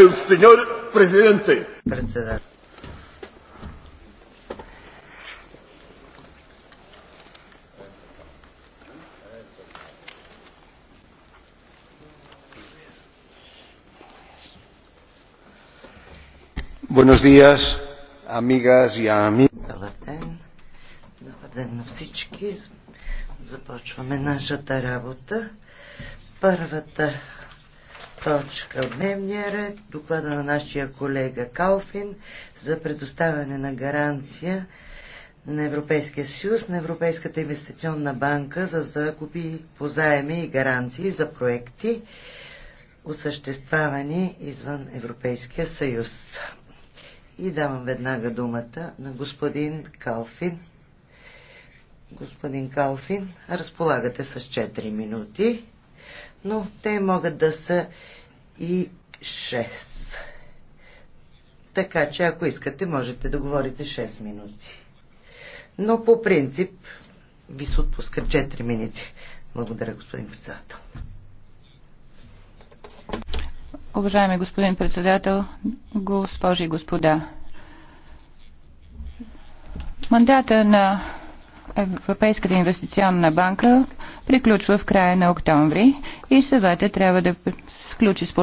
El señor presidente. Buenos días, amigas y amigos. Добър ден. Добър ден на всички. Започваме нашата работа. Първата точка в дневния ред. Доклада на нашия колега Калфин за предоставяне на гаранция на Европейския съюз, на Европейската инвестиционна банка за закупи по заеми и гаранции за проекти, осъществявани извън Европейския съюз. И давам веднага думата на господин Калфин. Господин Калфин, разполагате с 4 минути но те могат да са и 6. Така че, ако искате, можете да говорите 6 минути. Но по принцип ви се отпуска 4 минути. Благодаря, господин председател. Уважаеми господин председател, госпожи и господа, мандата на Европейската инвестиционна банка приключва в края на октомври и съвета трябва да включи споразумение.